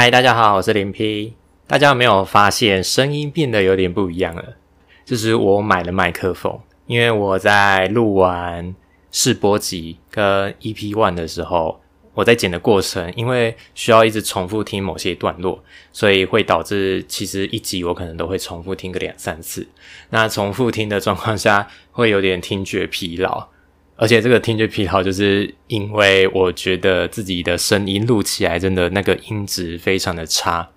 嗨，Hi, 大家好，我是林 P。大家有沒有發現聲音變得有點不一樣了？就是我買了麥克風，因為我在錄完試播集跟 EP One 的時候，我在剪的過程，因為需要一直重複聽某些段落，所以會導致其實一集我可能都會重複聽個兩三次。那重複聽的狀況下，會有點聽覺疲勞。而且這個聽覺疲勞，就是因為我覺得自己的聲音錄起來真的那個音質非常的差，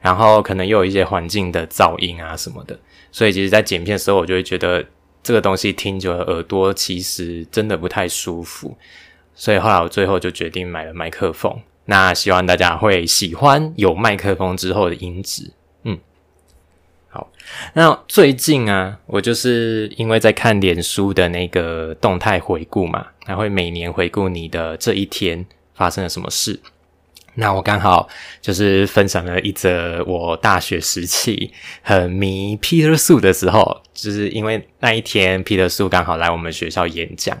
然後可能又有一些環境的噪音啊什麼的，所以其實，在剪片的時候，我就會覺得這個東西聽久了耳朵其實真的不太舒服，所以後來我最後就決定買了麥克風。那希望大家會喜歡有麥克風之後的音質。好，那最近啊，我就是因為在看臉書的那個動態回顧嘛，它會每年回顧你的這一天發生了什麼事。那我剛好就是分享了一則我大學時期很迷 Peter 蘇的時候，就是因為那一天 Peter 蘇剛好來我們學校演講，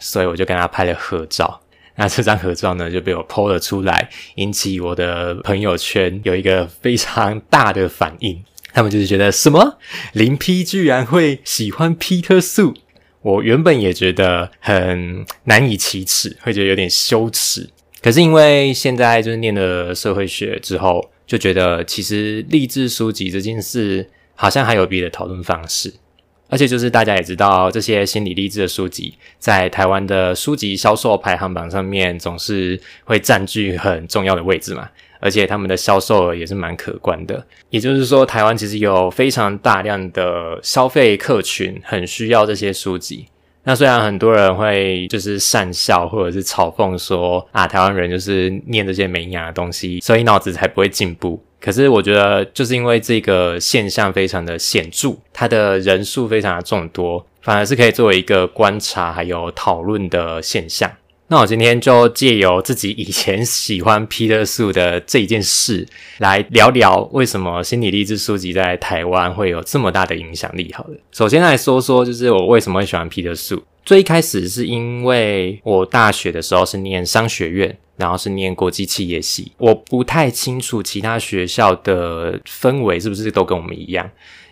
所以我就跟他拍了合照。那這張合照呢，就被我 PO 了出來，引起我的朋友圈有一個非常大的反應。他們就是覺得什麼？林批居然會喜歡 Peter Su，我原本也覺得很難以啟齒，會覺得有點羞恥。可是因為現在就是唸了社會學之後，就覺得其實勵志書籍這件事好像還有別的討論方式，而且就是大家也知道，這些心理勵志的書籍在台灣的書籍銷售排行榜上面總是會佔據很重要的位置嘛。而且他們的銷售額也是蠻可觀的，也就是說，台灣其實有非常大量的消費客群，很需要這些書籍。那雖然很多人會就是訕笑或者是嘲諷說啊，台灣人就是念這些沒營養的東西，所以腦子才不會進步。可是我覺得，就是因為這個現象非常的顯著，它的人數非常的眾多，反而是可以作為一個觀察還有討論的現象。那我今天就借由自己以前喜歡 Peter Su 的這一件事，來聊聊為什麼心理勵志書籍在台灣會有這麼大的影響力。好了，首先來說說，就是我為什麼會喜歡 Peter Su。最一開始是因為我大學的時候是念商學院，然後是念國際企業系。我不太清楚其他學校的氛圍是不是都跟我們一樣，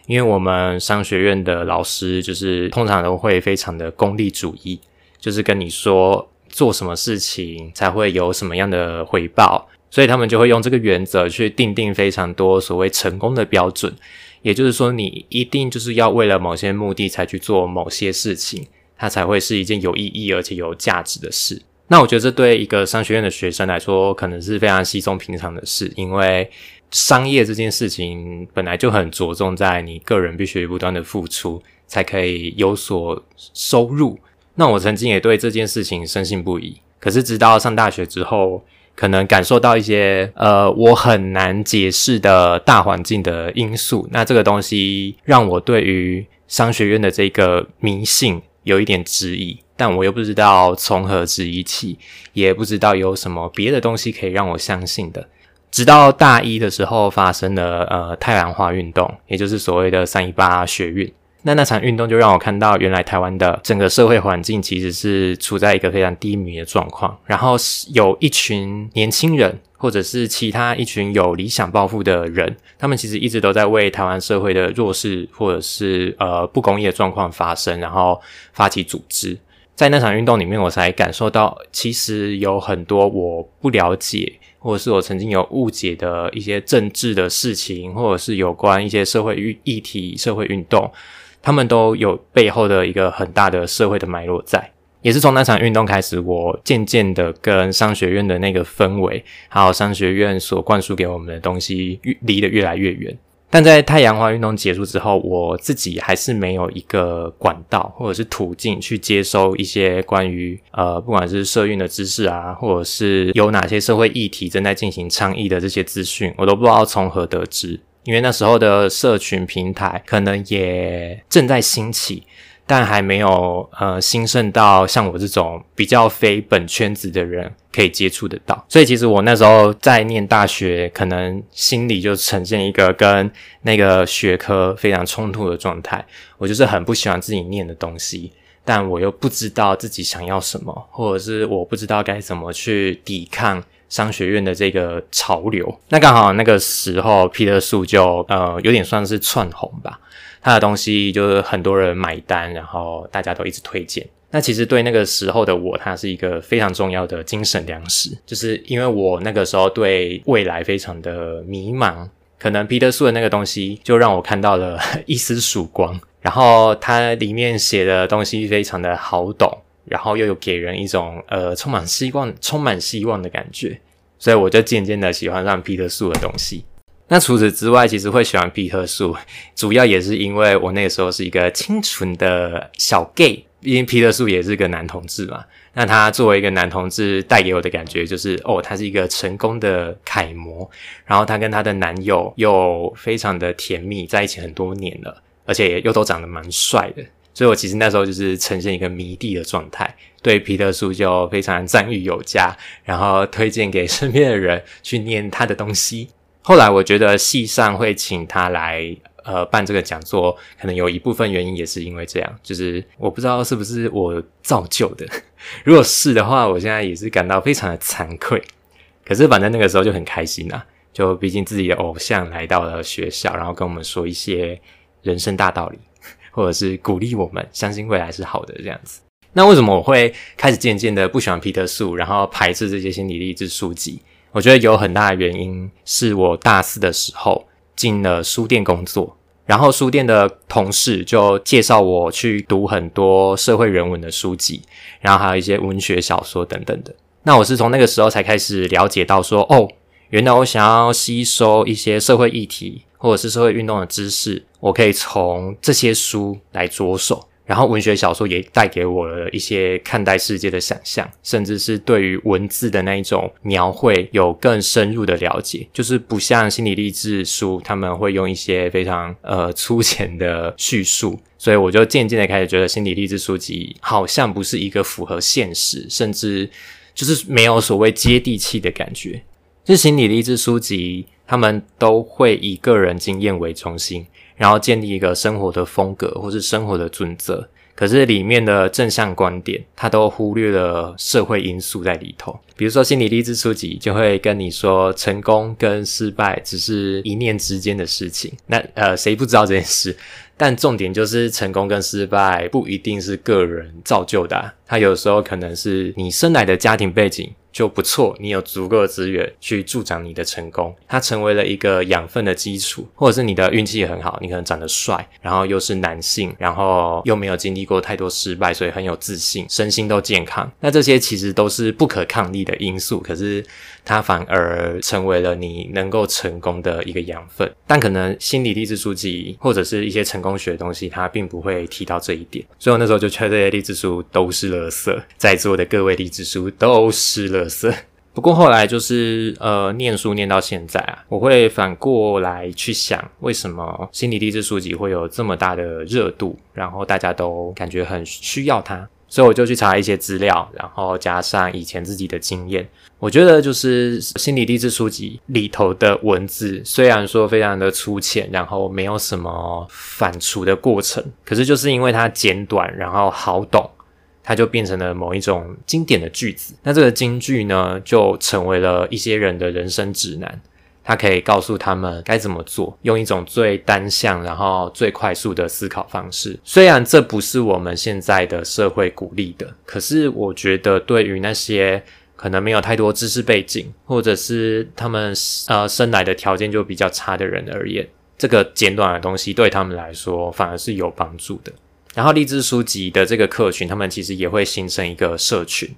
因為我們商學院的老師就是通常都會非常的功利主義，就是跟你說，做什麼事情才會有什麼樣的回報，所以他們就會用這個原則去定定非常多所謂成功的標準，也就是說，你一定就是要為了某些目的才去做某些事情，它才會是一件有意義而且有價值的事。那我覺得這對一個商學院的學生來說，可能是非常稀鬆平常的事，因為商業這件事情本來就很着重在你個人必須不斷的付出，才可以有所收入。那我曾經也對這件事情深信不疑，可是直到上大學之後，可能感受到一些呃我很難解釋的大環境的因素，那這個東西讓我對於商學院的這個迷信有一點質疑，但我又不知道從何質疑起，也不知道有什麼別的東西可以讓我相信的。直到大一的時候發生了呃太陽花運動，也就是所謂的三一八學運。那那場運動就讓我看到，原來台灣的整個社會環境其實是處在一個非常低迷的狀況。然後有一群年輕人，或者是其他一群有理想抱負的人，他們其實一直都在為台灣社會的弱勢，或者是呃不公義的狀況發聲，然後發起組織。在那場運動裡面，我才感受到，其實有很多我不了解，或者是我曾經有誤解的一些政治的事情，或者是有關一些社會議題、社會運動。他們都有背後的一個很大的社會的脈絡在，也是從那場運動開始，我漸漸的跟商學院的那個氛圍，還有商學院所灌輸給我們的東西，離得越來越遠。但在太陽花運動結束之後，我自己還是沒有一個管道或者是途徑去接收一些關於呃，不管是社運的知識啊，或者是有哪些社會議題正在進行倡議的這些資訊，我都不知道從何得知。因為那時候的社群平台可能也正在興起，但還沒有呃興盛到像我這種比較非本圈子的人可以接觸得到。所以其實我那時候在念大學，可能心裡就呈現一個跟那個學科非常衝突的狀態。我就是很不喜歡自己念的東西，但我又不知道自己想要什麼，或者是我不知道該怎麼去抵抗。商學院的這個潮流。那剛好那個時候，彼得蘇就呃有點算是竄紅吧，他的東西就是很多人買單，然後大家都一直推薦。那其實對那個時候的我，它是一個非常重要的精神糧食，就是因為我那個時候對未來非常的迷茫，可能彼得蘇的那個東西就讓我看到了一絲曙光，然後它裡面寫的東西非常的好懂。然後又有給人一種呃充滿希望、充滿希望的感覺，所以我就漸漸的喜歡上彼得蘇的東西。那除此之外，其實會喜歡彼得蘇，主要也是因為我那個時候是一個清純的小 gay，因為彼得蘇也是個男同志嘛。那他作為一個男同志，帶給我的感覺就是，哦，他是一個成功的楷模。然後他跟他的男友又非常的甜蜜，在一起很多年了，而且也又都長得蠻帥的。所以我其實那時候就是呈現一個迷弟的狀態，對彼得蘇就非常讚譽有加，然後推薦給身邊的人去念他的東西。後來我覺得系上會請他來呃辦這個講座，可能有一部分原因也是因為這樣，就是我不知道是不是我造就的，如果是的話，我現在也是感到非常的慚愧。可是反正那個時候就很開心啦、啊，就畢竟自己的偶像來到了學校，然後跟我們說一些人生大道理。或者是鼓勵我們，相信未來是好的這樣子。那為什麼我會開始漸漸的不喜歡彼得蘇，然後排斥這些心理勵志書籍？我覺得有很大的原因是我大四的時候進了書店工作，然後書店的同事就介紹我去讀很多社會人文的書籍，然後還有一些文學小說等等的。那我是從那個時候才開始了解到說，哦，原來我想要吸收一些社會議題。或者是社會運動的知識，我可以從這些書來着手。然後，文學小說也帶給我了一些看待世界的想象，甚至是對於文字的那一種描繪有更深入的了解。就是不像心理勵志書，他們會用一些非常呃粗淺的敘述，所以我就漸漸的開始覺得心理勵志書籍好像不是一個符合現實，甚至就是沒有所謂接地氣的感覺。就心理勵志書籍。他們都會以個人經驗為中心，然後建立一個生活的風格或是生活的準則。可是裡面的正向觀點，他都忽略了社會因素在裡頭。比如說心理勵志書籍就會跟你說，成功跟失敗只是一念之間的事情。那呃，誰不知道這件事？但重點就是成功跟失敗不一定是個人造就的。啊，它有時候可能是你生來的家庭背景就不錯，你有足夠的資源去助長你的成功，它成為了一個養分的基礎，或者是你的運氣很好，你可能長得帥，然後又是男性，然後又沒有經歷過太多失敗，所以很有自信，身心都健康。那這些其實都是不可抗力的因素，可是它反而成為了你能夠成功的一個養分。但可能心理勵志書籍或者是一些成功中學的東西，他並不會提到這一點，所以我那時候就覺得這些勵志書都是垃圾，在座的各位勵志書都是垃圾。不過後來就是呃，念書念到現在啊，我會反過來去想，為什麼心理勵志書籍會有這麼大的熱度，然後大家都感覺很需要它？所以我就去查一些資料，然後加上以前自己的經驗，我覺得就是心理勵志書籍裡頭的文字，雖然說非常的粗淺，然後沒有什麼反芻的過程，可是就是因為它簡短，然後好懂，它就變成了某一種經典的句子。那這個金句呢，就成為了一些人的人生指南。他可以告訴他們該怎麼做，用一種最單向，然後最快速的思考方式。雖然這不是我們現在的社會鼓勵的，可是我覺得對於那些可能沒有太多知識背景，或者是他們呃生來的條件就比較差的人而言，這個簡短的東西對他們來說反而是有幫助的。然後勵志書籍的這個客群，他們其實也會形成一個社群。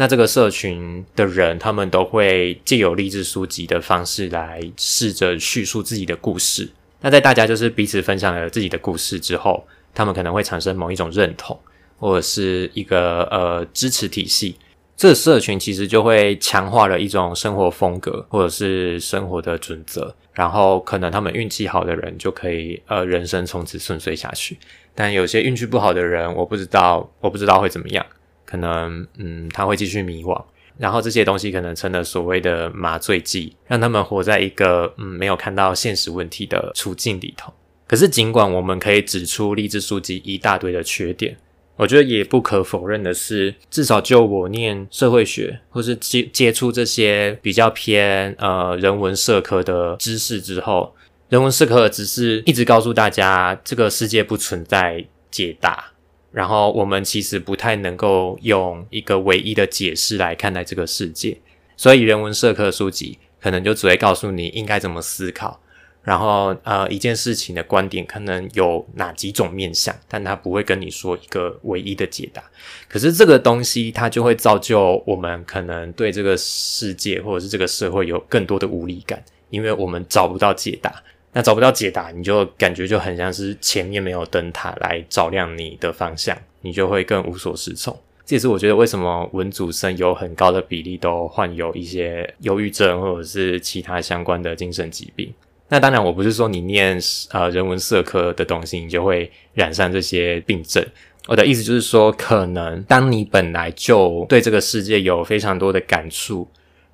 那這個社群的人，他們都會藉由勵志書籍的方式來試着敘述自己的故事。那在大家就是彼此分享了自己的故事之後，他們可能會產生某一種認同，或者是一個呃支持體系。這個社群其實就會強化了一種生活風格，或者是生活的準則。然後可能他們運氣好的人就可以呃人生從此順遂下去，但有些運氣不好的人，我不知道，我不知道會怎麼樣。可能，嗯，他會繼續迷惘，然後這些東西可能成了所謂的麻醉劑，讓他們活在一個，嗯，沒有看到現實問題的處境裡頭。可是，儘管我們可以指出勵志書籍一大堆的缺點，我覺得也不可否認的是，至少就我念社會學，或是接接觸這些比較偏呃人文社科的知識之後，人文社科只是一直告訴大家，這個世界不存在解答。然後我們其實不太能夠用一個唯一的解釋來看待這個世界，所以人文社科書籍可能就只會告訴你應該怎麼思考。然後呃，一件事情的觀點可能有哪幾種面向，但它不會跟你說一個唯一的解答。可是這個東西它就會造就我們可能對這個世界或者是這個社會有更多的無力感，因為我們找不到解答。那找不到解答，你就感覺就很像是前面沒有燈塔來照亮你的方向，你就會更無所適從。這也是我覺得為什麼文組生有很高的比例都患有一些憂鬱症或者是其他相關的精神疾病。那當然，我不是說你念呃人文社科的東西你就會染上這些病症。我的意思就是說，可能當你本來就對這個世界有非常多的感觸。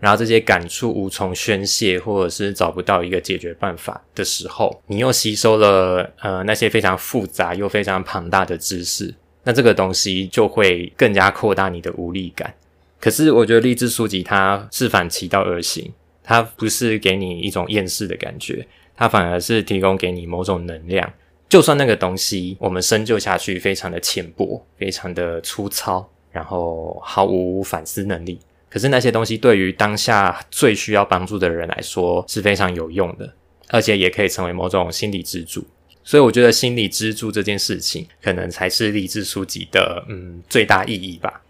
然後這些感觸無從宣洩，或者是找不到一個解決辦法的時候，你又吸收了呃那些非常複雜又非常龐大的知識，那這個東西就會更加擴大你的無力感。可是我覺得勵志書籍它是反其道而行，它不是給你一種厭世的感覺，它反而是提供給你某種能量。就算，那個東西我們深究下去非常的淺薄，非常的粗糙，然後毫無反思能力。可是那些東西對於當下最需要幫助的人來說是非常有用的，而且也可以成為某種心理支柱。所以我覺得心理支柱這件事情，可能才是勵志書籍的，嗯，最大意義吧。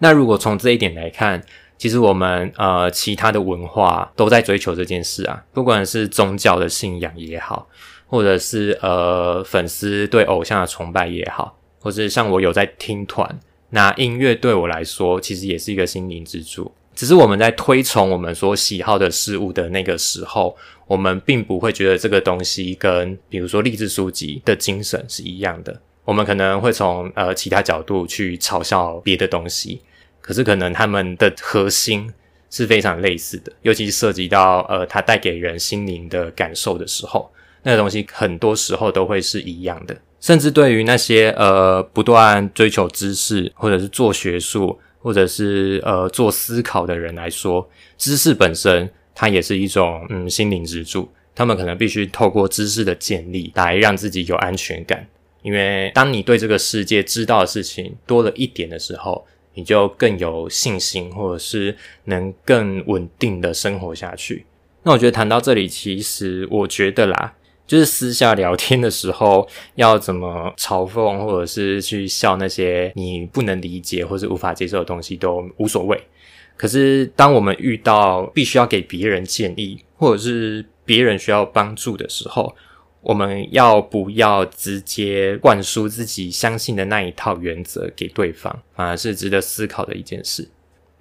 那如果從這一點來看，其實我們呃其他的文化都在追求這件事啊，不管是宗教的信仰也好，或者是呃粉絲對偶像的崇拜也好，或是像我有在聽團。那音樂對我來說，其實也是一個心靈支柱。只是我們在推崇我們所喜好的事物的那個時候，我們並不會覺得這個東西跟，比如說勵志書籍的精神是一樣的。我們可能會從呃其他角度去嘲笑別的東西，可是可能他們的核心是非常類似的，尤其是涉及到呃它帶給人心靈的感受的時候，那個東西很多時候都會是一樣的。甚至對於那些呃不斷追求知識，或者是做學術，或者是呃做思考的人來說，知識本身它也是一種嗯心靈支柱。他們可能必須透過知識的建立來讓自己有安全感，因為當你對這個世界知道的事情多了一點的時候，你就更有信心，或者是能更穩定的生活下去。那我覺得談到這裡，其實我覺得啦。就是私下聊天的時候，要怎麼嘲諷，或者是去笑那些你不能理解或者無法接受的東西都無所謂。可是，當我們遇到必須要給別人建議，或者是別人需要幫助的時候，我們要不要直接灌輸自己相信的那一套原則給對方，反而是值得思考的一件事。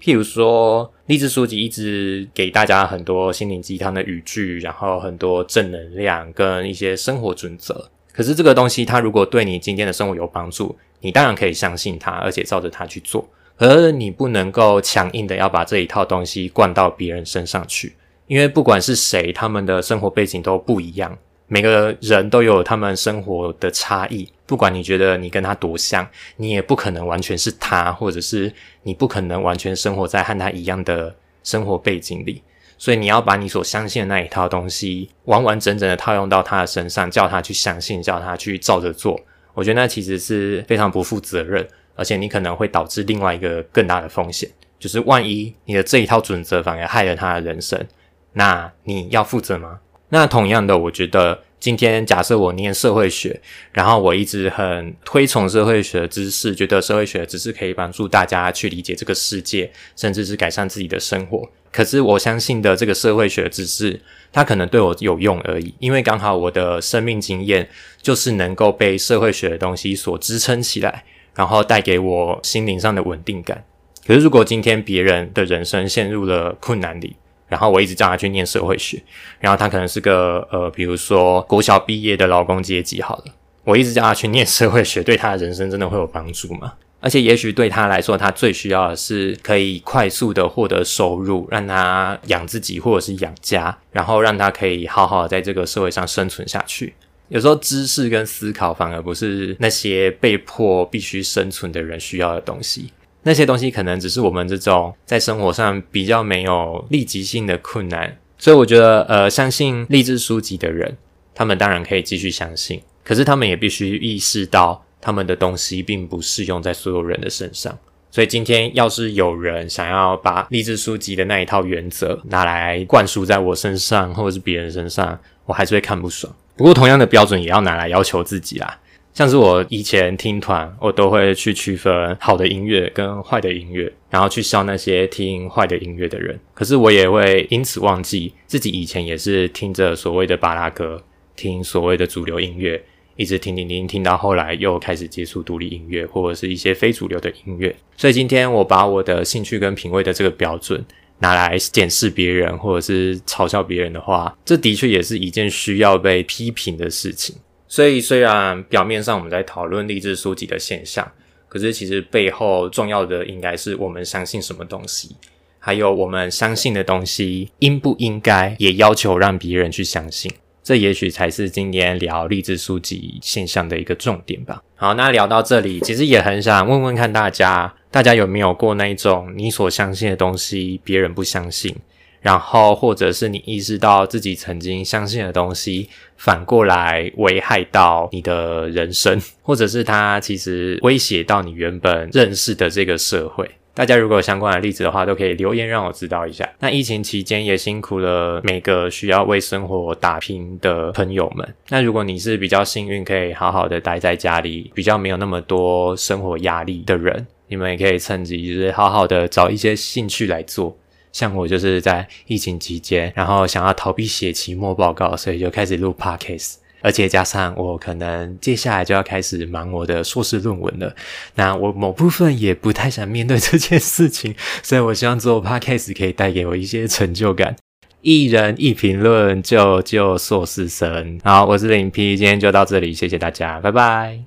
譬如說，勵志書籍一直給大家很多心靈雞湯的語句，然後很多正能量跟一些生活準則。可是這個東西，它如果對你今天的生活有幫助，你當然可以相信它，而且照着它去做。而你不能夠強硬的要把這一套東西灌到別人身上去，因為不管是誰，他們的生活背景都不一樣。每個人都有他們生活的差異，不管你覺得你跟他多像，你也不可能完全是他，或者是你不可能完全生活在和他一樣的生活背景裡。所以，你要把你所相信的那一套東西完完整整的套用到他的身上，叫他去相信，叫他去照着做。我覺得那其實是非常不負責任，而且你可能會導致另外一個更大的風險，就是萬一你的這一套準則反而害了他的人生，那你要負責嗎？那同樣的，我覺得今天假設我念社會學，然後我一直很推崇社會學的知識，覺得社會學的知識可以幫助大家去理解這個世界，甚至是改善自己的生活。可是我相信的這個社會學知識，它可能對我有用而已，因為剛好我的生命經驗就是能夠被社會學的東西所支撐起來，然後帶給我心靈上的穩定感。可是如果今天別人的人生陷入了困難裡，然後我一直叫他去念社會學，然後他可能是個呃，比如說國小畢業的勞工階級好了。我一直叫他去念社會學，對他的人生真的會有幫助嗎？而且也許對他來說，他最需要的是可以快速的獲得收入，讓他養自己或者是養家，然後讓他可以好好地在這個社會上生存下去。有時候知識跟思考反而不是那些被迫必須生存的人需要的東西。那些東西可能只是我們這種在生活上，比較沒有立即性的困難，所以我覺得，呃，相信勵志書籍的人，他們當然可以繼續相信，可是他們也必須意識到，他們的東西並不適用在所有人的身上。所以今天要是有人想要把勵志書籍的那一套原則拿來灌輸在我身上或者是別人身上，我還是會看不爽。不過同樣的標準也要拿來要求自己啦。像是我以前聽團，我都會去區分好的音樂跟壞的音樂，然後去笑那些聽壞的音樂的人。可是我也會因此忘記自己以前也是聽着所謂的芭樂歌，聽所謂的主流音樂，一直聽聽聽，聽到後來又開始接觸獨立音樂或者是一些非主流的音樂。所以今天我把我的興趣跟品味的這個標準拿來檢視別人或者是嘲笑別人的話，這的確也是一件需要被批評的事情。所以，雖然表面上我們在討論勵志書籍的現象，可是其實背後重要的應該是我們相信什麼東西，還有我們相信的東西應不應該也要求讓別人去相信？這也許才是今天聊勵志書籍現象的一個重點吧。好，那聊到這裡，其實也很想問問看大家，大家有沒有過那一種你所相信的東西，別人不相信？然後，或者是你意識到自己曾經相信的東西，反過來危害到你的人生，或者是它其實威脅到你原本認識的這個社會。大家如果有相關的例子的話，都可以留言讓我知道一下。那疫情期間也辛苦了每個需要為生活打拼的朋友們。那如果你是比較幸運，可以好好的待在家裡，比較沒有那麼多生活壓力的人，你們也可以趁機就是好好的找一些興趣來做。像我就是在疫情期間，然後想要逃避寫期末報告，所以就開始錄 podcast。而且加上我可能接下來就要開始忙我的碩士論文了，那我某部分也不太想面對這件事情，所以我希望做 podcast 可以帶給我一些成就感。一人一評論救救碩士生。好，我是林 P，今天就到這裡，謝謝大家，拜拜。